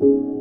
you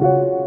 you